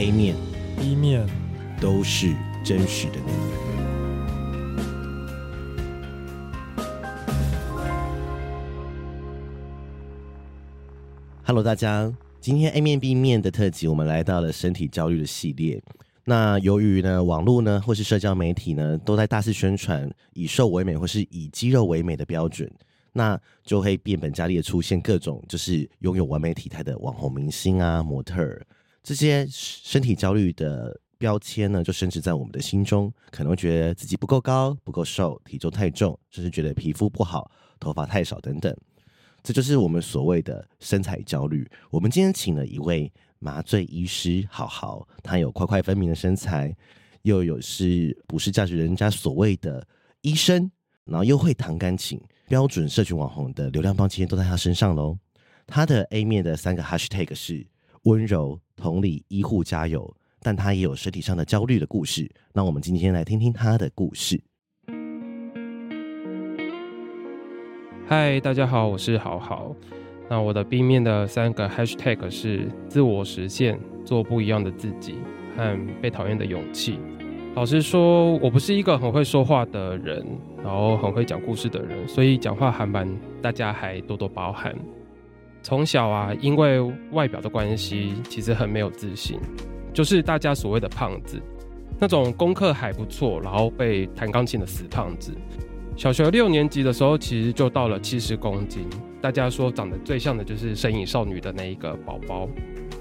A 面、B 面都是真實的你。Hello，大家，今天 A 面 B 面的特輯，我們來到了身體焦慮的系列。那由於呢，網絡呢或是社交媒體呢都在大肆宣傳以瘦為美或是以肌肉為美的標準，那就會變本加厲的出現各種就是擁有完美體態的網紅明星啊、模特兒。這些身體焦慮的標籤呢，就深植在我們的心中，可能覺得自己不夠高、不夠瘦、體重太重，就是覺得皮膚不好、頭髮太少等等。這就是我們所謂的身材焦慮。我們今天請了一位麻醉醫師豪豪，他有塊塊分明的身材，又有是不，是價值人家所謂的醫生，然後又會彈鋼琴，標準社群網紅的流量棒今天都在他身上嘍。他的 A 面的三個 Hashtag 是。溫柔同理醫護加油，但他也有身體上的焦慮的故事。那我們今天來聽聽他的故事。嗨，大家好，我是豪豪。那我的 B 面的三個 hashtag 是自我實現、做不一樣的自己和被討厭的勇氣。老實說，我不是一個很會說話的人，然後很會講故事的人，所以講話還蠻，大家還多多包涵。從小啊，因為外表的關係，其實很沒有自信，就是大家所謂的胖子，那種功課還不錯，然後會彈鋼琴的死胖子。小學六年級的時候，其實就到了七十公斤。大家說長得最像的就是《神隱少女》的那一個寶寶，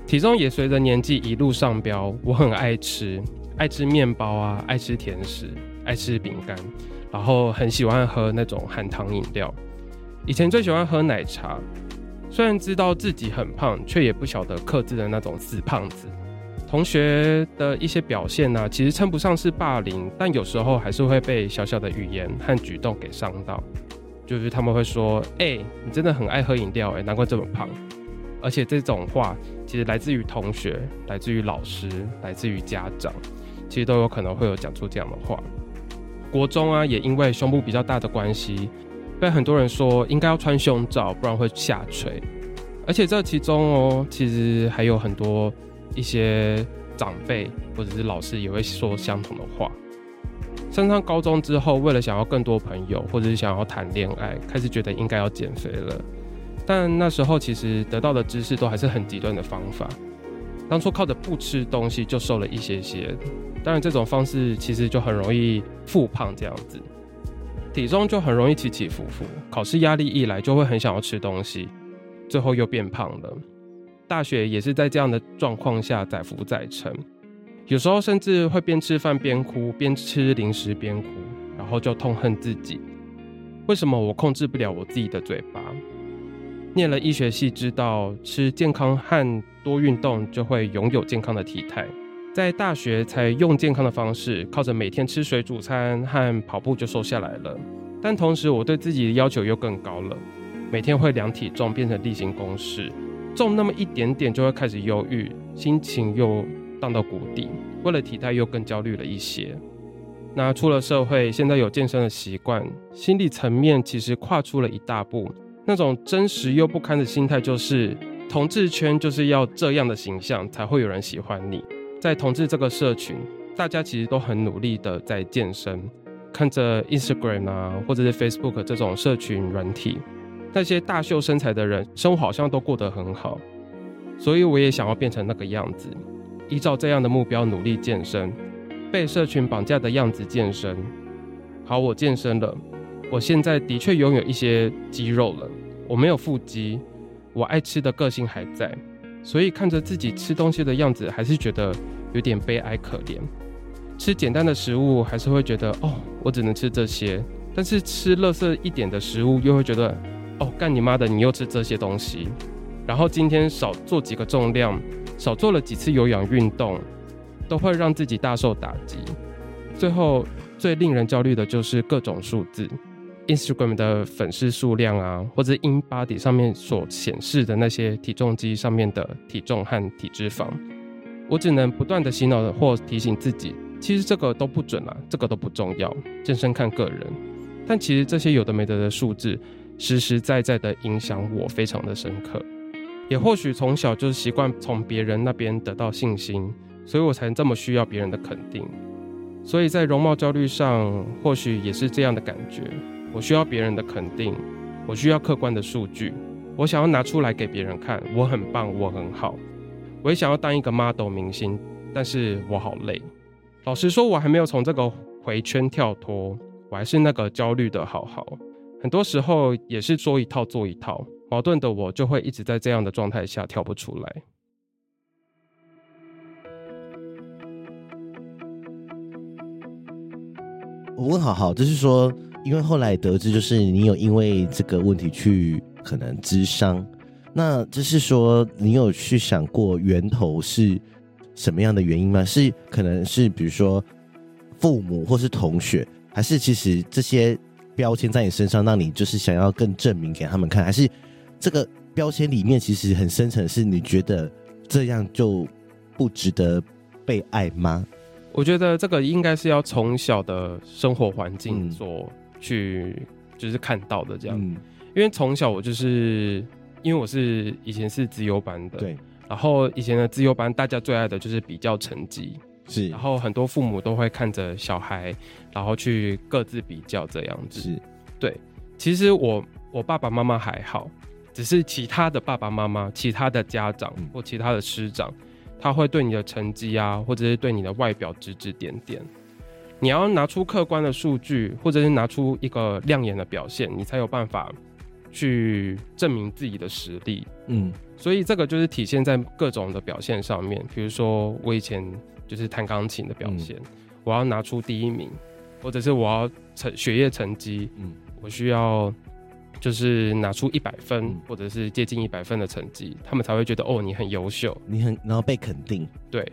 體重也隨着年紀一路上飆。我很愛吃，愛吃麵包啊，愛吃甜食，愛吃餅乾，然後很喜歡喝那種含糖飲料。以前最喜歡喝奶茶。雖然知道自己很胖，卻也不曉得克制的那種死胖子。同學的一些表現呢、啊，其實稱不上是霸凌，但有時候還是會被小小的語言和舉動給傷到。就是他們會說：“哎、欸，你真的很愛喝飲料、欸，哎，難怪這麼胖。”而且這種話其實來自於同學、來自於老師、來自於家長，其實都有可能會有講出這樣的話。國中啊，也因為胸部比較大的關係。被很多人說應該要穿胸罩，不然會下垂，而且這其中哦，其實還有很多一些長輩或者是老師也會說相同的話。升上高中之後，為了想要更多朋友或者是想要談戀愛，開始覺得應該要減肥了。但那時候其實得到的知識都還是很極端的方法。當初靠着不吃東西就瘦了一些些，當然這種方式其實就很容易復胖這樣子。體重就很容易起起伏伏，考試壓力一來就會很想要吃東西，最後又變胖了。大學也是在這樣的狀況下載浮載沉，有時候甚至會邊吃飯邊哭，邊吃零食邊哭，然後就痛恨自己。為什麼我控制不了我自己的嘴巴？念了醫學系，知道吃健康和多運動就會擁有健康的體態。在大學才用健康的方式，靠着每天吃水煮餐和跑步就瘦下來了。但同時，我對自己的要求又更高了，每天會量體重，變成例行公事。重那麼一點點就會開始憂鬱，心情又盪到谷底。為了體態又更焦慮了一些。那出了社會，現在有健身的習慣，心理層面其實跨出了一大步。那種真實又不堪的心態，就是同志圈就是要這樣的形象才會有人喜歡你。在同志這個社群，大家其實都很努力的在健身，看着 Instagram 啊，或者是 Facebook 這種社群軟體，那些大秀身材的人，生活好像都過得很好，所以我也想要變成那個樣子，依照這樣的目標努力健身，被社群綁架的樣子健身。好，我健身了，我現在的確擁有一些肌肉了，我沒有腹肌，我愛吃的個性還在。所以看着自己吃東西的樣子，還是覺得有點悲哀可憐。吃簡單的食物，還是會覺得哦，我只能吃這些；但是吃垃圾一點的食物，又會覺得哦，幹你媽的，你又吃這些東西。然後今天少做幾個重量，少做了幾次有氧運動，都會讓自己大受打擊。最後，最令人焦慮的就是各種數字。Instagram 的粉絲數量啊，或者 InBody 上面所顯示的那些體重機上面的體重和體脂肪，我只能不斷的洗腦或提醒自己，其實這個都不準啊，這個都不重要，健身看個人。但其實這些有的沒的的數字，實實在在在的影響我非常的深刻。也或許從小就是習慣從別人那邊得到信心，所以我才這麼需要別人的肯定。所以在容貌焦慮上，或許也是這樣的感覺。我需要別人的肯定，我需要客觀的數據，我想要拿出來給別人看，我很棒，我很好。我也想要當一個 model 明星，但是我好累。老實說，我還沒有從這個回圈跳脫，我還是那個焦慮的豪豪。很多時候也是說一套做一套，矛盾的我就會一直在這樣的狀態下跳不出來。我問豪豪，就是說。因為後來得知，就是你有因為這個問題去可能諮商，那就是說你有去想過源頭是什麼樣的原因嗎？是可能是比如說父母或是同學，還是其實這些標籤在你身上，讓你就是想要更證明給他們看，還是這個標籤裡面其實很深層是你覺得這樣就不值得被愛嗎？我覺得這個應該是要從小的生活環境做。嗯。去就是看到的這樣，因為從小我就是因為我是以前是資優班的，然後以前的資優班大家最愛的就是比較成績。是，然後很多父母都會看着小孩，然後去各自比較這樣子，對，其實我我爸爸媽媽還好，只是其他的爸爸媽媽、其他的家長或其他的師長，他會對你的成績啊，或者是對你的外表指指點點。你要拿出客觀的數據，或者是拿出一個亮眼的表現，你才有辦法去證明自己的實力。嗯，所以這個就是體現在各種的表現上面。比如說我以前就是彈鋼琴的表現，嗯，我要拿出第一名，或者是我要成學業成績，嗯，我需要就是拿出一百分，嗯，或者是接近一百分的成績，他們才會覺得哦，你很優秀，你很然後被肯定。對。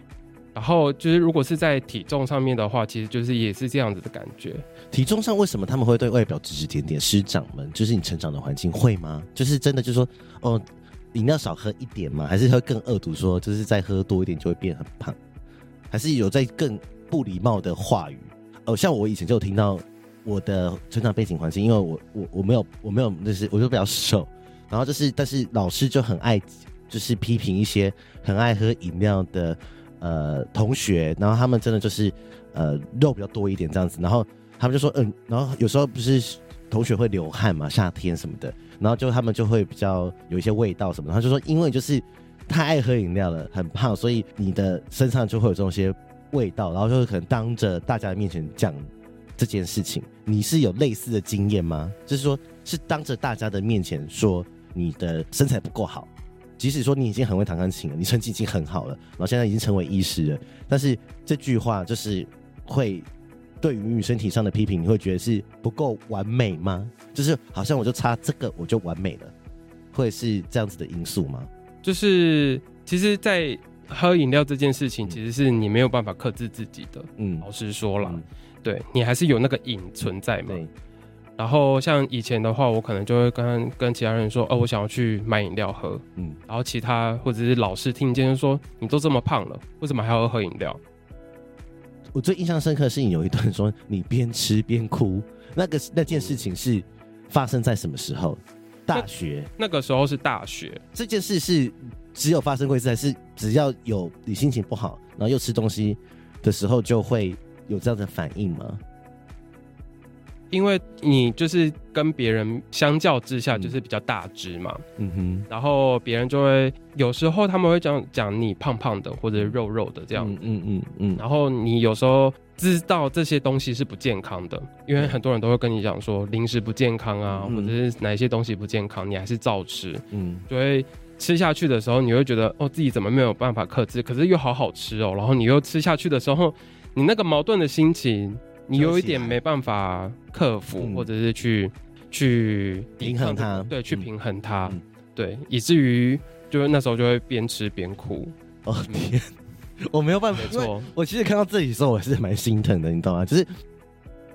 然後就是，如果是在體重上面的話，其實就是也是這樣子的感覺。體重上為什麼他們會對外表指指點點？師長們就是你成長的環境會嗎？就是真的就是說，哦，飲料少喝一點嗎？還是會更惡毒說，就是再喝多一點就會變很胖？還是有在更不禮貌的話語？哦，像我以前就有聽到我的成長背景環境，因為我我我沒有我沒有，就是我就比較瘦，然後就是但是老師就很愛就是批評一些很愛喝飲料的。呃，同學，然後他們真的就是，呃，肉比較多一點這樣子，然後他們就說，嗯，然後有時候不是同學會流汗嘛，夏天什麼的，然後就他們就會比較有一些味道什麼，然後就說，因為就是太愛喝飲料了，很胖，所以你的身上就會有這種些味道，然後就可能當着大家的面前講這件事情。你是有類似的經驗嗎？就是說是當着大家的面前說你的身材不夠好。即使說你已經很會彈鋼琴了，你成績已經很好了，然後現在已經成為醫師了，但是這句話就是會對於你身體上的批評，你會覺得是不夠完美嗎？就是好像我就差這個我就完美了，會是這樣子的因素嗎？就是其實，在喝飲料這件事情，其實是你沒有辦法克制自己的。嗯，老實說了、嗯，對你還是有那個癮存在嘛。嗯然後像以前的話，我可能就會跟跟其他人說，哦、呃，我想要去買飲料喝。嗯，然後其他或者是老師聽見就說，你都這麼胖了，為什麼還要喝飲料？我最印象深刻的是你有一段說，你邊吃邊哭。那個那件事情是發生在什麼時候？嗯、大學那，那個時候是大學那，那個時候是大學。這件事是只有發生過一次，還是只要有你心情不好，然後又吃東西的時候，就會有這樣的反應嗎？因為你就是跟別人相較之下就是比較大隻嘛，嗯哼，然後別人就會有時候他們會講講你胖胖的或者肉肉的這樣，嗯嗯嗯，然後你有時候知道這些東西是不健康的，因為很多人都會跟你講說零食不健康啊，或者是哪一些東西不健康，你還是照吃，嗯，所以吃下去的時候你會覺得哦，自己怎麼沒有辦法克制，可是又好好吃哦，然後你又吃下去的時候，你那個矛盾的心情。你有一點沒辦法克服，或者是去、嗯、去平衡它，對，去平衡它，對，嗯嗯對嗯、以至於就那時候就會邊吃邊哭。哦、嗯、天，我沒有辦法。沒錯，我其實看到自己的時候，我是蠻心疼的，你懂嗎？就是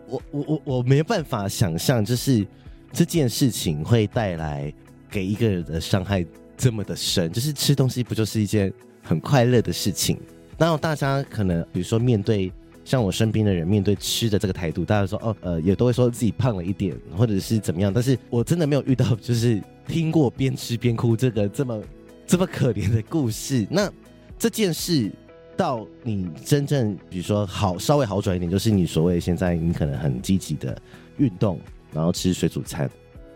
我我我我沒有辦法想象，就是這件事情會帶來給一個人的傷害這麼的深。就是吃東西不就是一件很快樂的事情？然後大家可能比如說面對。像我身邊的人面對吃的這個態度，大家說哦，呃，也都會說自己胖了一點，或者是怎麼樣。但是我真的沒有遇到，就是聽過邊吃邊哭這個這麼這麼可憐的故事。那這件事到你真正，比如說好稍微好轉一點，就是你所謂現在你可能很積極的運動，然後吃水煮餐，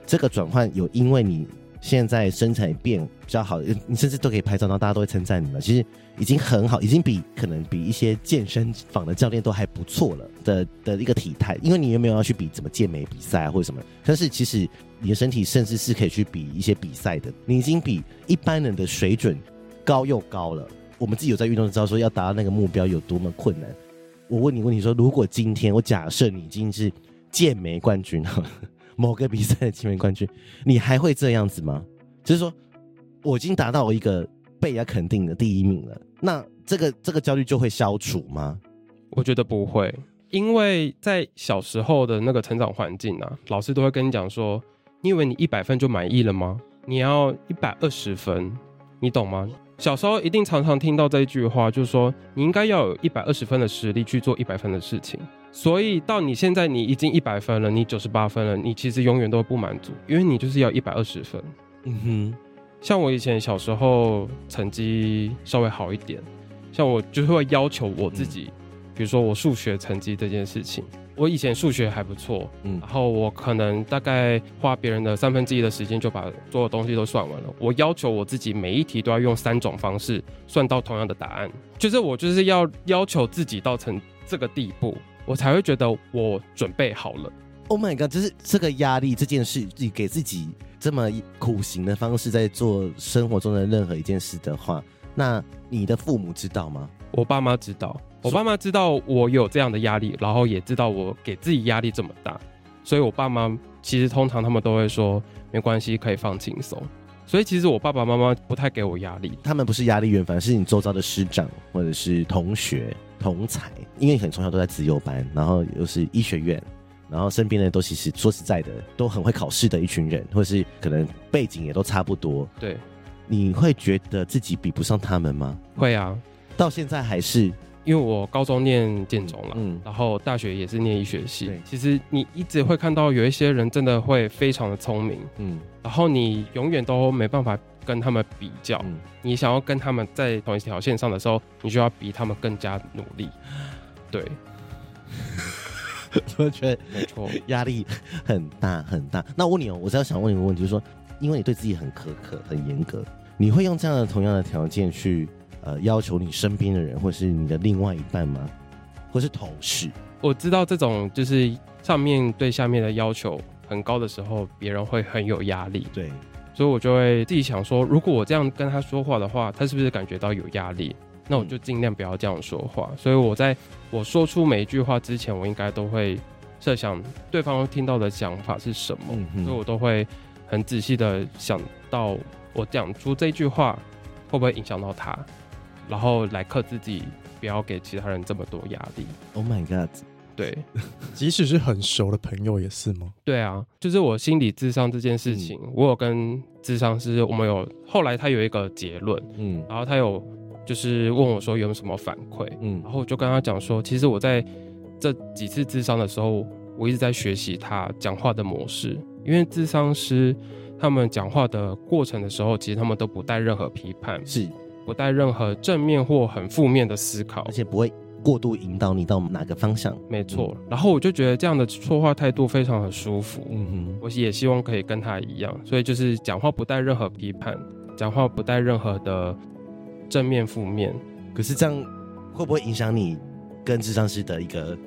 這個轉換有因為你。現在身材變比較好，你甚至都可以拍照，然後大家都會稱讚你們。其實已經很好，已經比可能比一些健身房的教練都還不錯了的的一個體態。因為你又沒有要去比怎麼健美比賽啊或者什麼，但是其實你的身體甚至是可以去比一些比賽的。你已經比一般人的水準高又高了。我們自己有在運動，知道說要達到那個目標有多麼困難。我問你問你說，如果今天我假設你已經是健美冠軍了。某個比賽的前面冠軍，你還會這樣子嗎？就是說，我已經達到一個被人家肯定的第一名了，那這個這個焦慮就會消除嗎？我覺得不會，因為在小時候的那個成長環境啊，老師都會跟你講說，你以為你一百分就滿意了嗎？你要一百二十分，你懂嗎？小時候一定常常聽到這句話，就是說你應該要有一百二十分的實力去做一百分的事情。所以到你現在，你已經一百分了，你九十八分了，你其實永遠都不滿足，因為你就是要一百二十分。嗯哼，像我以前小時候成績稍微好一點，像我就會要求我自己，嗯，比如說我數學成績這件事情，我以前數學還不錯，嗯，然後我可能大概花別人的三分之一的時間就把所有東西都算完了。我要求我自己每一題都要用三種方式算到同樣的答案，就是我就是要要求自己到成這個地步。我才會覺得我準備好了。Oh my god！就是這個壓力，這件事，你給自己這麼苦行的方式，在做生活中的任何一件事的話，那你的父母知道嗎？我爸媽知道，我爸媽知道我有這樣的壓力，然後也知道我給自己壓力這麼大，所以，我爸媽其實通常他們都會說，沒關係，可以放輕鬆。所以其實我爸爸媽媽不太給我壓力，他們不是壓力源，反而是你周遭的師長或者是同學同儕。因為你很從小都在資優班，然後又是醫學院，然後身邊的都其實說實在的都很會考試的一群人，或者是可能背景也都差不多。對，你會覺得自己比不上他們嗎？會啊，到現在還是。因為我高中念建中了，嗯，然後大學也是念醫學系。其實你一直會看到有一些人真的會非常的聰明，嗯，然後你永遠都沒辦法跟他們比較。嗯，你想要跟他們在同一條線上的時候，你就要比他們更加努力。對， 我覺得沒錯，壓力很大很大。那我問你哦，我只要想問你一個問題，就是說，因為你對自己很苛刻、很嚴格，你會用這樣的同樣的條件去？呃，要求你身邊的人，或是你的另外一半嗎？或是同事？我知道這種就是上面對下面的要求很高的時候，別人會很有壓力。對，所以我就會自己想說，如果我這樣跟他說話的話，他是不是感覺到有壓力？那我就盡量不要這樣說話。嗯。所以我在我說出每一句話之前，我應該都會設想對方聽到的想法是什麼，嗯，所以我都會很仔細的想到我講出這句話會不會影響到他。然後來克自己不要給其他人這麼多壓力。Oh my god！對， 即使是很熟的朋友也是嗎？對啊，就是我心理諮商這件事情，嗯、我有跟諮商師我們有後來他有一個結論，嗯，然後他有就是問我說有沒有什麼反饋，嗯，然後我就跟他講說，其實我在這幾次諮商的時候，我一直在學習他講話的模式，因為諮商師他們講話的過程的時候，其實他們都不帶任何批判，是。不帶任何正面或很負面的思考，而且不會過度引導你到哪個方向。沒錯、嗯，然後我就覺得這樣的說話態度非常的舒服。嗯哼，我也希望可以跟他一樣，所以就是講話不帶任何批判，講話不帶任何的正面負面。可是這樣會不會影響你跟諮商師的一個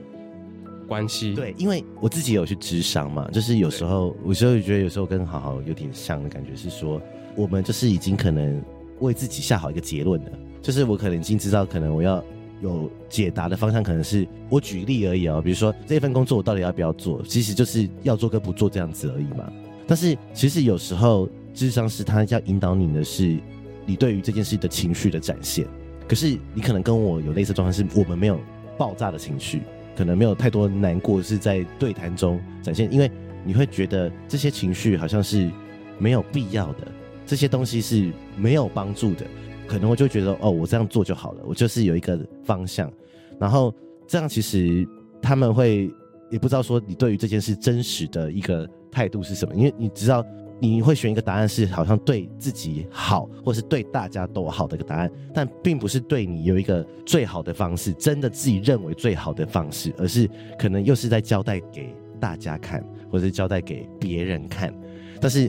關係？對，因為我自己有去諮商嘛，就是有時候，有時候覺得有時候跟豪豪有點像的感覺，是說我們就是已經可能。為自己下好一個結論的，就是我可能已經知道，可能我要有解答的方向，可能是我舉例而已啊、喔。比如說這份工作我到底要不要做，其實就是要做跟不做這樣子而已嘛。但是其實有時候諮商是他要引導你的是你對於這件事的情緒的展現，可是你可能跟我有類似狀況，是我們沒有爆炸的情緒，可能沒有太多難過是在對談中展現，因為你會覺得這些情緒好像是沒有必要的。這些東西是沒有幫助的，可能我就會覺得哦，我這樣做就好了，我就是有一個方向，然後這樣其實他們會也不知道說你對於這件事真實的一個態度是什麼，因為你知道你會選一個答案是好像對自己好或是對大家都好的一個答案，但並不是對你有一個最好的方式，真的自己認為最好的方式，而是可能又是在交代給大家看，或者是交代給別人看，但是。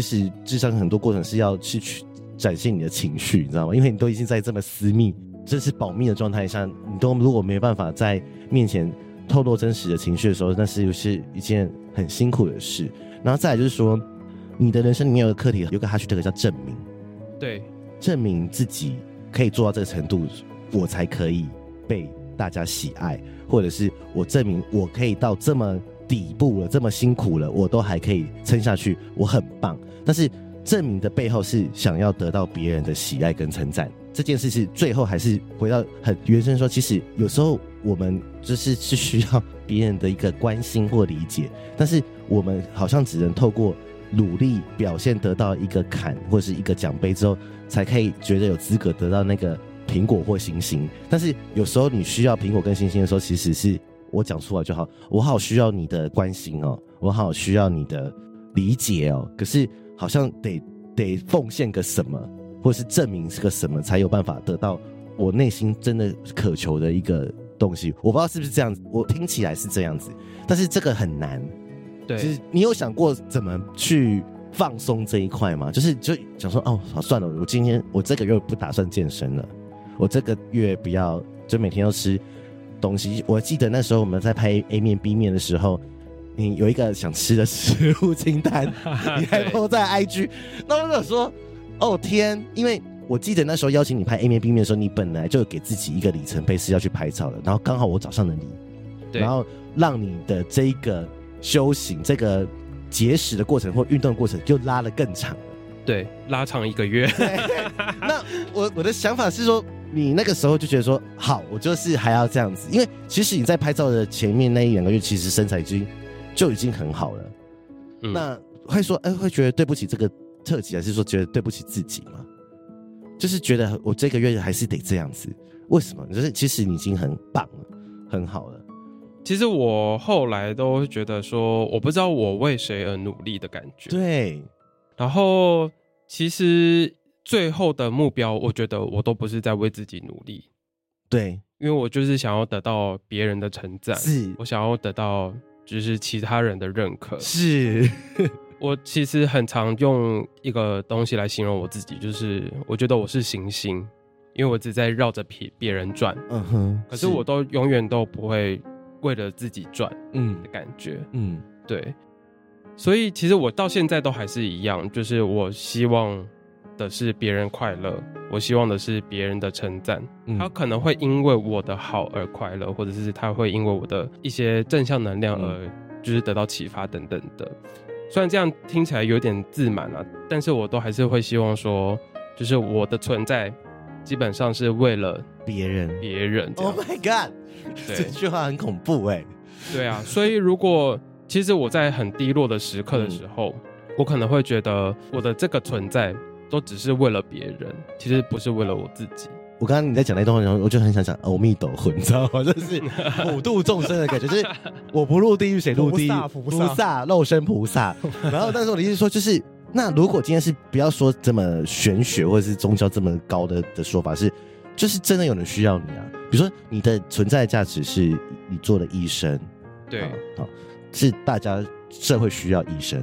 其實，諮商很多過程是要去去展現你的情緒，你知道嗎？因為你都已經在這麼私密、這是保密的狀態下，你都如果沒有辦法在面前透露真實的情緒的時候，那是又是一件很辛苦的事。然後再來就是說，你的人生裡面有個課題，有個 hashtag 叫證明。對，證明自己可以做到這個程度，我才可以被大家喜愛，或者是我證明我可以到這麼。底部了，這麼辛苦了，我都還可以撐下去，我很棒。但是證明的背後是，想要得到別人的喜愛跟稱讚，這件事是最後還是回到很原生說，其實有時候我們就是是需要別人的一個關心或理解，但是我們好像只能透過努力表現得到一個坎或是一個獎盃之後，才可以覺得有資格得到那個蘋果或星星。但是有時候你需要蘋果跟星星的時候，其實是。我講出來就好，我好需要你的關心哦、喔，我好需要你的理解哦、喔。可是好像得得奉獻個什麼，或是證明是個什麼，才有辦法得到我內心真的渴求的一個東西。我不知道是不是這樣子，我聽起來是這樣子，但是這個很難。對，就是你有想過怎麼去放鬆這一塊嗎？就是就講說哦好，算了，我今天我這個月不打算健身了，我這個月不要，就每天要吃。東西，我記得那時候我們在拍 A 面 B 面的時候，你有一個想吃的食物清單，你還 po 在 IG。 那我有說，哦天！因為我記得那時候邀請你拍 A 面 B 面的時候，你本來就給自己一個里程碑是要去拍照的，然後剛好我找上了你對。然後讓你的這一個修行、這個節食的過程或運動的過程就拉了更長了。對，拉長一個月。 對，那我我的想法是說。你那個時候就覺得說，好，我就是還要這樣子，因為其實你在拍照的前面那一兩個月，其實身材就已經很好了。嗯、那會說，哎、欸，會覺得對不起這個特輯，還是說覺得對不起自己嗎？就是覺得我這個月還是得這樣子，為什麼？就是其實你已經很棒了，很好了。其實我後來都覺得說，我不知道我為誰而努力的感覺。對，然後其實。最後的目標，我覺得我都不是在為自己努力，對，因為我就是想要得到別人的稱讚，是，我想要得到就是其他人的認可，是 我其實很常用一個東西來形容我自己，就是我覺得我是行星，因為我只在繞着別別人轉，嗯哼，可是我都永遠都不會為了自己轉，嗯，的感覺，嗯，對，所以其實我到現在都還是一樣，就是我希望。的是別人快樂，我希望的是別人的稱讚，嗯。他可能會因為我的好而快樂，或者是他會因為我的一些正向能量而就是得到啟發等等的，嗯。雖然這樣聽起來有點自滿啊，但是我都還是會希望說，就是我的存在基本上是為了別人，別人。Oh my god，這句話很恐怖哎，欸。對啊，所以如果其實我在很低落的時刻的時候，嗯，我可能會覺得我的這個存在。都只是為了別人，其實不是為了我自己。我剛剛你在講那段話的時候，我就很想講“歐彌斗魂”，你知道嗎？就是普度眾生的感覺。 就是我不入地獄，誰入地獄？菩薩肉身菩薩。菩薩 然後，但是我的意思是說，就是那如果今天是不要說這麼玄學或者是宗教這麼高的的說法是，是就是真的有人需要你啊？比如說你的存在價值是你做的醫生，對好好是大家社會需要醫生。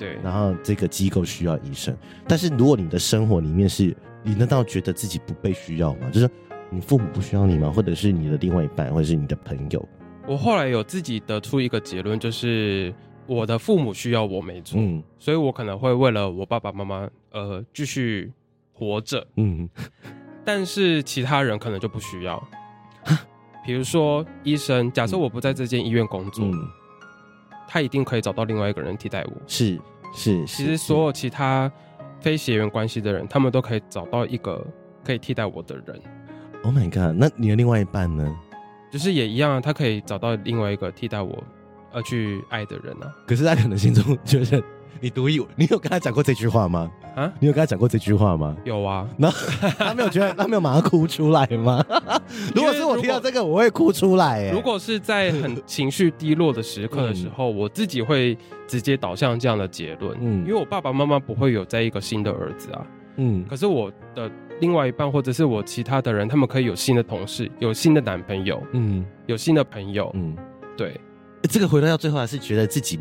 對，然後這個機構需要醫生，但是如果你的生活裡面是你難道覺得自己不被需要嗎？就是你父母不需要你嗎？或者是你的另外一半，或者是你的朋友？我後來有自己得出一個結論，就是我的父母需要我沒錯。嗯，所以我可能會為了我爸爸媽媽呃繼續活着，嗯， 但是其他人可能就不需要，比如說醫生，假設我不在這間醫院工作。嗯嗯他一定可以找到另外一個人替代我，是是，是。其實所有其他非血緣關係的人，他們都可以找到一個可以替代我的人。Oh my god！那你的另外一半呢？就是也一樣啊，他可以找到另外一個替代我而去愛的人啊。可是他可能心中覺得你獨有，你有跟他講過這句話嗎？啊，你有跟他講過這句話嗎？有啊， 那他沒有覺得他沒有馬上哭出來嗎？ 如果是我聽到這個，我會哭出來。如果是在很情緒低落的時刻的時候，嗯，我自己會直接導向這樣的結論。嗯，因為我爸爸媽媽不會有再一個新的兒子啊。嗯，可是我的另外一半或者是我其他的人，他們可以有新的同事，有新的男朋友，嗯，有新的朋友。嗯，對，這個回答到最後，還是覺得自己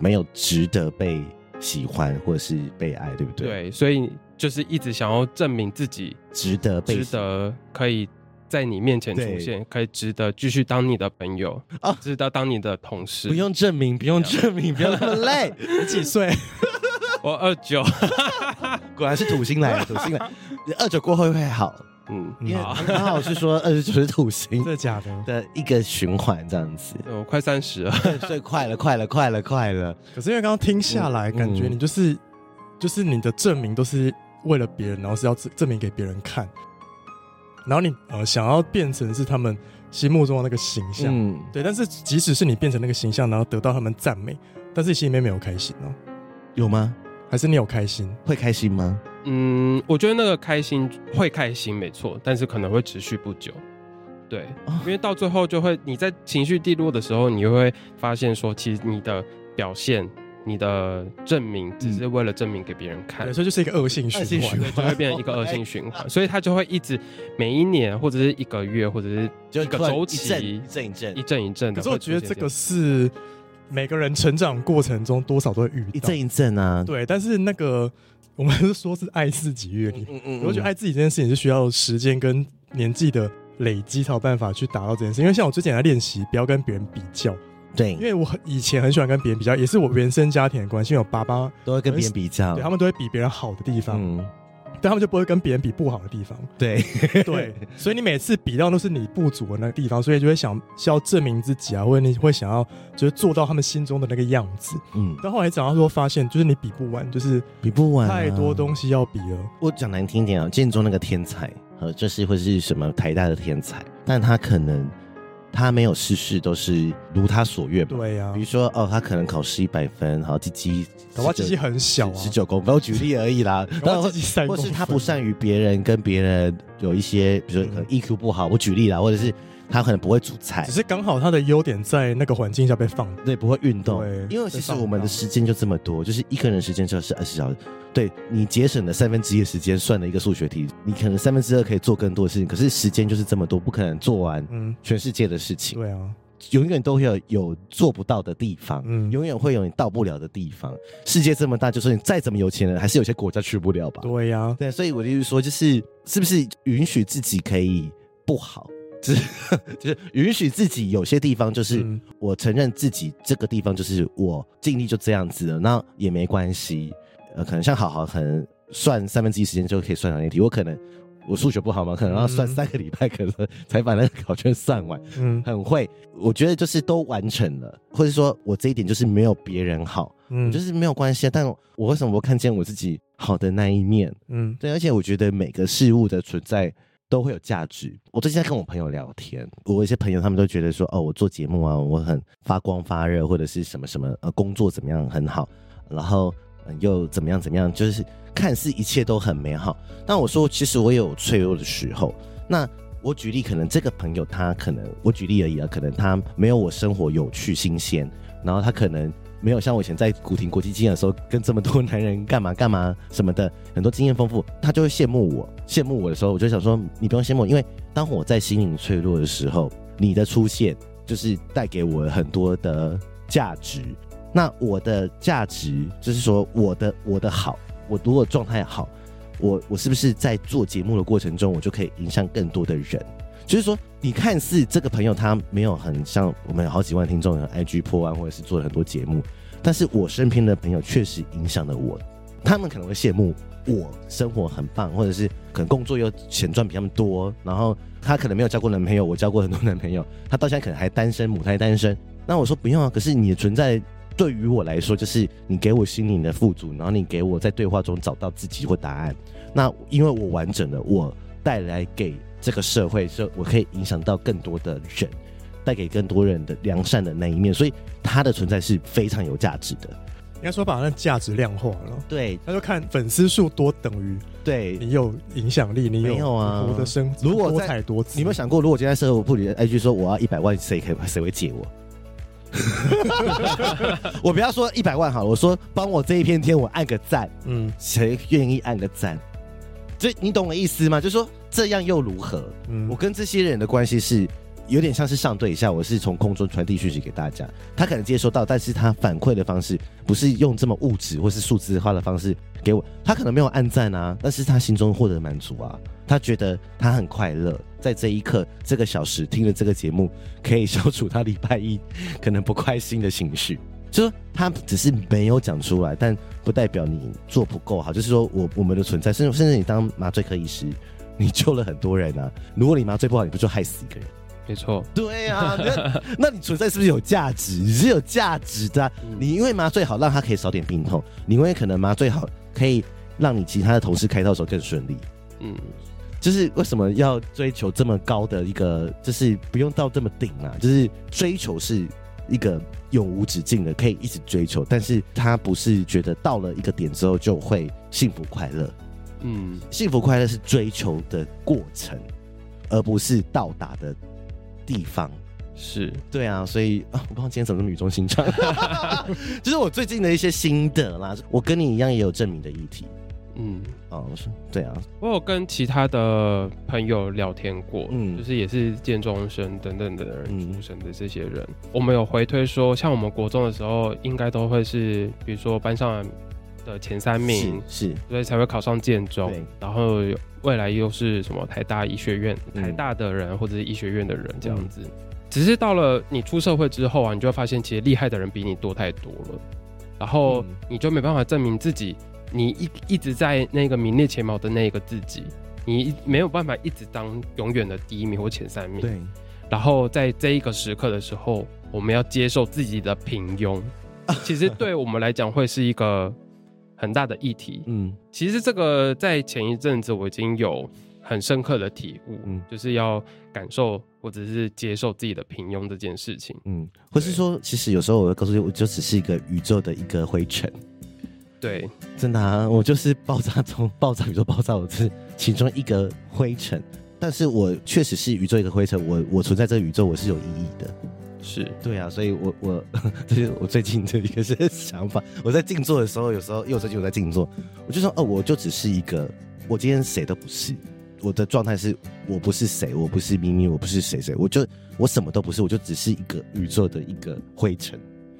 沒有值得被。喜歡或是被愛，對不對？對，所以就是一直想要證明自己值得被愛，值得可以在你面前出現，可以值得繼續當你的朋友，哦，值得當你的同事。不用證明，不用證明，不要那麼累。 你幾歲？ 我二九， 果然是土星來了，土星來。你二九過後會，會好？嗯，剛好，好是說二十九是土星的假的的一個循環這樣子。哦， 我快三十了， 所以快了，快了，快了，快了。可是因為剛剛聽下來、嗯，感覺你就是，就是你的證明都是為了別人，然後是要證明給別人看，然後你呃想要變成是他們心目中的那個形象，嗯，對。但是即使是你變成那個形象，然後得到他們讚美，但是你心裡面沒有開心哦、喔，有嗎？還是你有開心？會開心嗎？嗯，我覺得那個開心會開心沒，沒、嗯、錯，但是可能會持續不久，對，哦、因為到最後就會你在情緒低落的時候，你就會發現說，其實你的表現、你的證明、嗯、只是為了證明給別人看，有時候就是一個惡性循環，就會變成一個惡性循環，Oh, okay. 所以他就會一直每一年或者是一個月或者是就一個周期一陣一陣一陣一陣的。可是我覺得這個是每個人成長過程中多少都會遇到一陣一陣啊，對，但是那個。 我們是說是愛自己閱歷，嗯嗯,嗯。我覺得愛自己這件事情是需要時間跟年紀的累積才有辦法去達到這件事。因為像我之前在練習，不要跟別人比較，對，因為我以前很喜歡跟別人比較，也是我原生家庭的關係，因為我爸爸都會跟別人比較，對，他們都會比別人好的地方。嗯。但他們就不會跟別人比不好的地方，對對， 所以你每次比到都是你不足的那個地方，所以就會想需要證明自己啊，或者你會想要就是做到他們心中的那個樣子，嗯。但後來長大之後發現就是你比不完，就是比不完、啊、太多東西要比了。我講難聽點啊，建中那個天才，呃，就是會是什麼台大的天才，但他可能。他沒有事事，都是如他所願吧？對呀、啊，比如說哦，他可能考試一百分，好，雞雞，他只是很小，十九公分，我舉例而已啦。雞雞然後自己，或是他不善於別人跟別人有一些，比如說可能 EQ 不好，我舉例啦，嗯、或者是。他可能不會煮菜，只是剛好他的優點在那個環境下被放大。對，不會運動。對，因為其實我們的時間就這麼多，就是一個人的時間就是二十小時。對，你節省了三分之一的時間，算了一個數學題，你可能三分之二可以做更多的事情，可是時間就是這麼多，不可能做完全世界的事情。對、嗯、啊，永遠都會有，有做不到的地方，嗯、永遠會有你到不了的地方。世界這麼大，就是你再怎麼有錢人，還是有些國家去不了吧？對呀、啊，對，所以我就是說，就是是不是允許自己可以不好？就是，就是允許自己有些地方，就是我承認自己這個地方，就是我盡力就這樣子了，那、嗯、也沒關係。呃，可能像好好，可能算三分之一時間就可以算完一題。我可能我數學不好嘛，可能要算三個禮拜，可能才把那個考卷算完。嗯，很會，我覺得就是都完成了，或者說我這一點就是沒有別人好，嗯，就是沒有關係。但我為什麼不看見我自己好的那一面？嗯，對，而且我覺得每個事物的存在。都會有價值。我最近在跟我朋友聊天，我一些朋友他們都覺得說，哦，我做節目啊，我很發光發熱，或者是什麼什麼呃，工作怎麼樣很好，然後、呃、又怎麼樣怎麼樣，就是看似一切都很美好。但我說，其實我也有脆弱的時候。那我舉例，可能這個朋友他可能，我舉例而已啊，可能他沒有我生活有趣新鮮，然後他可能。沒有像我以前在古亭國際經驗的時候，跟這麼多男人幹嘛幹嘛什麼的，很多經驗豐富，他就會羨慕我，羨慕我的時候，我就想說，你不用羨慕，因為當我在心靈脆弱的時候，你的出現就是帶給我很多的價值。那我的價值就是說，我的我的好，我如果狀態好，我我是不是在做節目的過程中，我就可以影響更多的人？就是說，你看似這個朋友他沒有很像我們好幾萬聽眾的 IG 破案，或者是做了很多節目，但是我身邊的朋友確實影響了我，他們可能會羨慕我生活很棒，或者是可能工作又錢賺比他們多，然後他可能沒有交過男朋友，我交過很多男朋友，他到現在可能還單身，母胎單身。那我說不用啊，可是你的存在對於我來說，就是你給我心靈的富足，然後你給我在對話中找到自己或答案。那因為我完整的我帶來給。這個社會是我可以影響到更多的人，帶給更多人的良善的那一面，所以他的存在是非常有價值的。應該說把那價值量化了。對，那就看粉絲數多等於對你有影響力，你有沒有啊？我的生如果在多彩多姿你有沒有想過，如果今天社會部裡的 IG 說我要一百萬，誰可以，誰會借我？ 我不要說一百萬好了，我說幫我這一篇天，我按個讚，嗯，誰願意按個讚？所以你懂我意思嗎？就是說這樣又如何？嗯，我跟這些人的關係是有點像是上對下，我是從空中傳遞訊息給大家，他可能接收到，但是他反饋的方式不是用這麼物質或是數字化的方式給我，他可能沒有按讚啊，但是他心中獲得滿足啊，他覺得他很快樂，在這一刻這個小時聽了這個節目，可以消除他禮拜一可能不開心的情緒。就是他只是沒有講出來，但不代表你做不夠好。就是說我我們的存在，甚至甚至你當麻醉科醫師，你救了很多人啊。如果你麻醉不好，你不就害死一個人？沒錯，對啊，那， 那你存在是不是有價值？你是有價值的啊。嗯。你因為麻醉好，讓他可以少點病痛；你因為可能麻醉好，可以讓你其他的同事開刀的時候更順利。嗯，就是為什麼要追求這麼高的一個？就是不用到這麼頂啊，就是追求是。一個永無止境的，可以一直追求，但是他不是覺得到了一個點之後就會幸福快樂，嗯，幸福快樂是追求的過程，而不是到達的地方，是對啊，所以啊，我不知道今天怎麼那麼語重心長？ 就是我最近的一些心得啦，我跟你一樣也有證明的議題。嗯啊，是對啊，我有跟其他的朋友聊天過，嗯，就是也是建中生等等的人出身的這些人，我們有回推說，像我們國中的時候，應該都會是，比如說班上的前三名，是，所以才會考上建中，然後未來又是什麼台大醫學院，台大的人或者是醫學院的人這樣子，只是到了你出社會之後啊，你就會發現其實厲害的人比你多太多了，然後你就沒辦法證明自己。你一一直在那個名列前茅的那個自己，你沒有辦法一直當永遠的第一名或前三名。對。然後在這一個時刻的時候，我們要接受自己的平庸，其實對我們來講會是一個很大的議題。 嗯。其實這個在前一陣子我已經有很深刻的體悟，嗯，就是要感受或者是接受自己的平庸這件事情。嗯。或是說，其實有時候我會告訴你，我就只是一個宇宙的一個灰塵。對，真的啊，我就是爆炸中爆炸，宇宙爆炸，我是其中一個灰塵，但是我確實是宇宙一個灰塵，我我存在這個宇宙，我是有意義的，是對啊，所以我我 就是我最近的一個是想法，我在靜坐的時候，有時候又最近我在靜坐，我就說，哦，我就只是一個，我今天誰都不是，我的狀態是，我不是誰，我不是咪咪，我不是誰誰，我就我什麼都不是，我就只是一個宇宙的一個灰塵，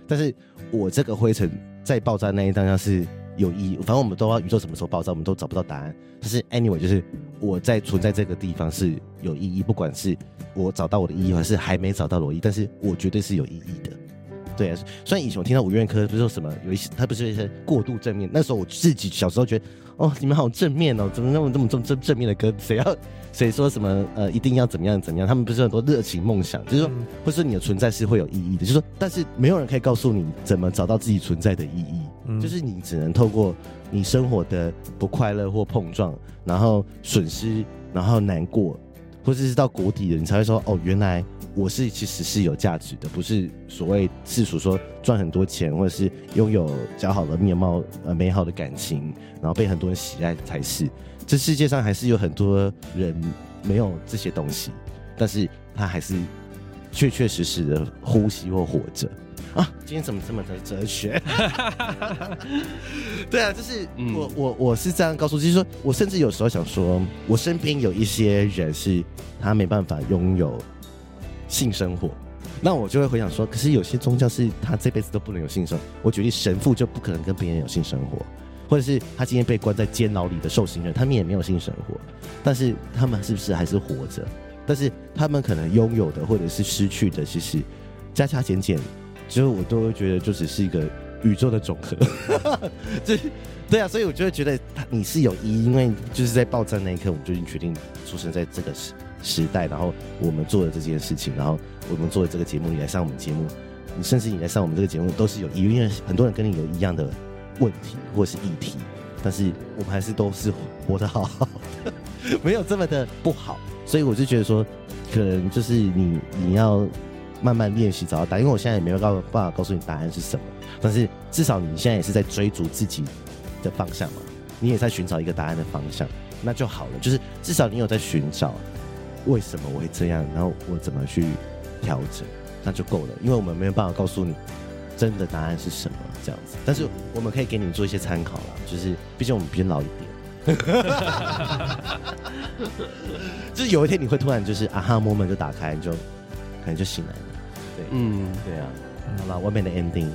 但是我這個灰塵。在爆炸那一當下是有意義，反正我們都不知道宇宙什麼時候爆炸，我們都找不到答案。但是 anyway 就是我在存在這個地方是有意義，不管是我找到我的意義，還是還沒找到羅伊，但是我絕對是有意義的。對啊，雖然以前我聽到五院科不是說什麼有一些，他不是一些過度正面，那時候我自己小時候覺得。哦，你們好正面哦，怎麼那麼這麼正正正面的歌？誰要誰說什麼？呃，一定要怎麼樣怎麼樣？他們不是很多熱情夢想，就是說，嗯、或說你的存在是會有意義的。就是說，但是沒有人可以告訴你怎麼找到自己存在的意義，嗯，就是你只能透過你生活的不快樂或碰撞，然後損失，然後難過，或者是到谷底了，你才會說哦，原來。我是其實是有價值的，不是所謂世俗說賺很多錢，或者是擁有姣好的面貌，呃美好的感情，然後被很多人喜愛才是。這世界上還是有很多人沒有這些東西，但是他還是確確實實的呼吸或活着啊！今天怎麼這麼的哲學？ 對啊，就是我我我是這樣告訴，就是說我甚至有時候想說，我身邊有一些人是他沒辦法擁有。性生活，那我就會回想說，可是有些宗教是他這輩子都不能有性生活，我覺得神父就不可能跟別人有性生活，或者是他今天被關在監牢裡的受刑人，他們也沒有性生活，但是他們是不是還是活着？但是他們可能擁有的或者是失去的，其實加加減減，最後我都會覺得，就只是一個宇宙的總和。 對啊，所以我就會覺得你是有意，因為就是在爆炸那一刻，我們就已經決定出生在這個時。時代，然後我們做的這件事情，然後我們做的這個節目，你來上我們節目，你甚至你來上我們這個節目，都是有因為很多人跟你有一樣的問題或是議題，但是我們還是都是活，活得好，好的，好 沒有這麼的不好，所以我就覺得說，可能就是你你要慢慢練習找到答案，因為我現在也沒有辦法告訴你答案是什麼，但是至少你現在也是在追逐自己的方向嘛，你也在尋找一個答案的方向，那就好了，就是至少你有在尋找。為什麼我會這樣？然後我怎麼去調整？那就夠了，因為我們沒有辦法告訴你真的答案是什麼這樣子。但是我們可以給你做一些參考啦。就是畢竟我們比較老一點， 就是有一天你會突然就是啊哈 moment 就打開，你就可能就醒來了。對，嗯，對啊。好啦，外面的，嗯，ending，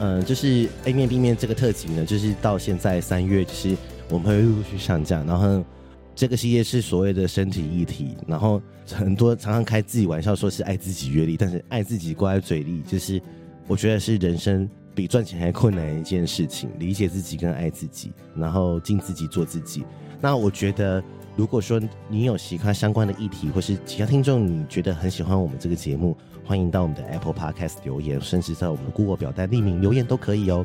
嗯，就是 A 面 B 面這個特輯呢，就是到現在三月，就是我們會陸續上架，然後。這個系列是所謂的身體議題，然後很多常常開自己玩笑，說是愛自己越力，但是愛自己掛在嘴裡，就是我覺得是人生比賺錢還困難一件事情，理解自己跟愛自己，然後盡自己做自己。那我覺得，如果說你有其他相關的議題，或是其他聽眾你覺得很喜歡我們這個節目，歡迎到我們的 Apple Podcast 留言，甚至在我們的 Google 表單匿名留言都可以哦。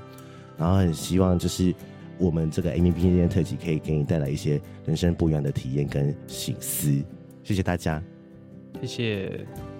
然後很希望就是。我們這個 MVP 今天特輯可以給你帶來一些人生不一樣的體驗跟省思，謝謝大家，謝謝。